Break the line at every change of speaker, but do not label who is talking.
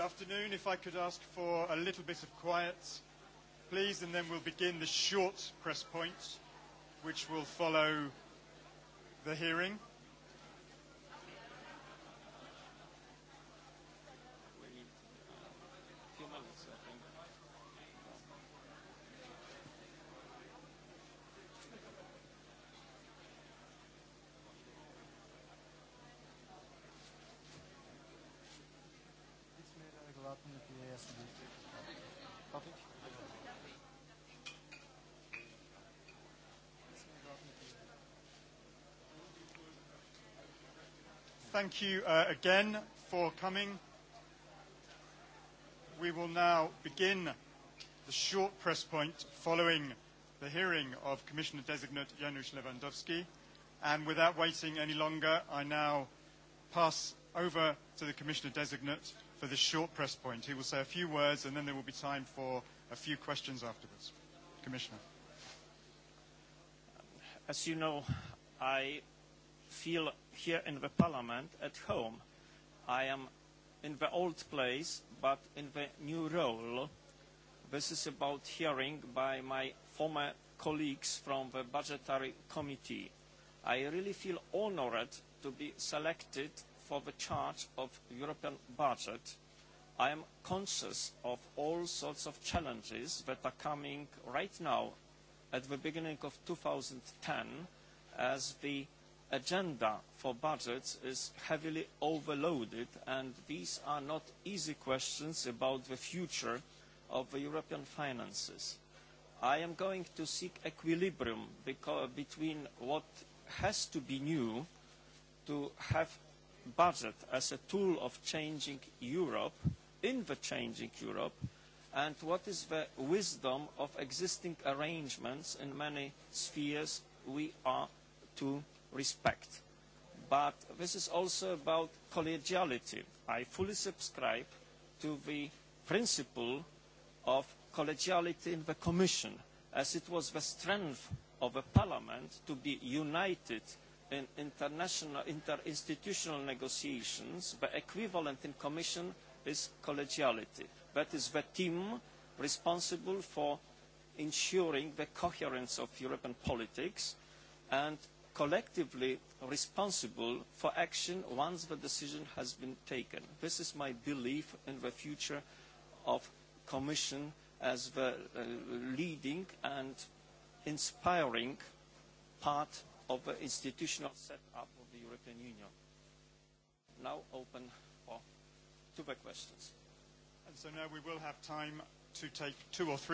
good afternoon. If I could ask for a little bit of quiet, please, and then we'll begin the short press point, which will follow the hearing. Yes, I do. Coffee? Thank you uh, again for coming. We will now begin the short press point following the hearing of Commissioner Designate Janusz Lewandowski. And without waiting any longer, I now pass over to the Commissioner Designate for this short press point. He will say a few words and then there will be time for a few questions afterwards. Commissioner. As you know,
I feel here in the parliament at home. I am in the old place, but in the new role. This is about hearing by my former colleagues from the budgetary committee. I really feel honored to be selected for the charge of European budget, I am conscious of all sorts of challenges that are coming right now at the beginning of 2010 as the agenda for budgets is heavily overloaded and these are not easy questions about the future of the European finances. I am going to seek equilibrium because, between what has to be new to have budget as a tool of changing Europe, in the changing Europe, and what is the wisdom of existing arrangements in many spheres we are to respect. But this is also about collegiality. I fully subscribe to the principle of collegiality in the Commission, as it was the strength of a parliament to be united in international interinstitutional negotiations, but equivalent in Commission is collegiality. That is the team responsible for ensuring the coherence of European politics and collectively responsible for action once the decision has been taken. This is my belief in the future of Commission as the uh, leading and inspiring part of the institutional setup of the European Union. Now open for, to the questions.
And so now we will have time to take two or three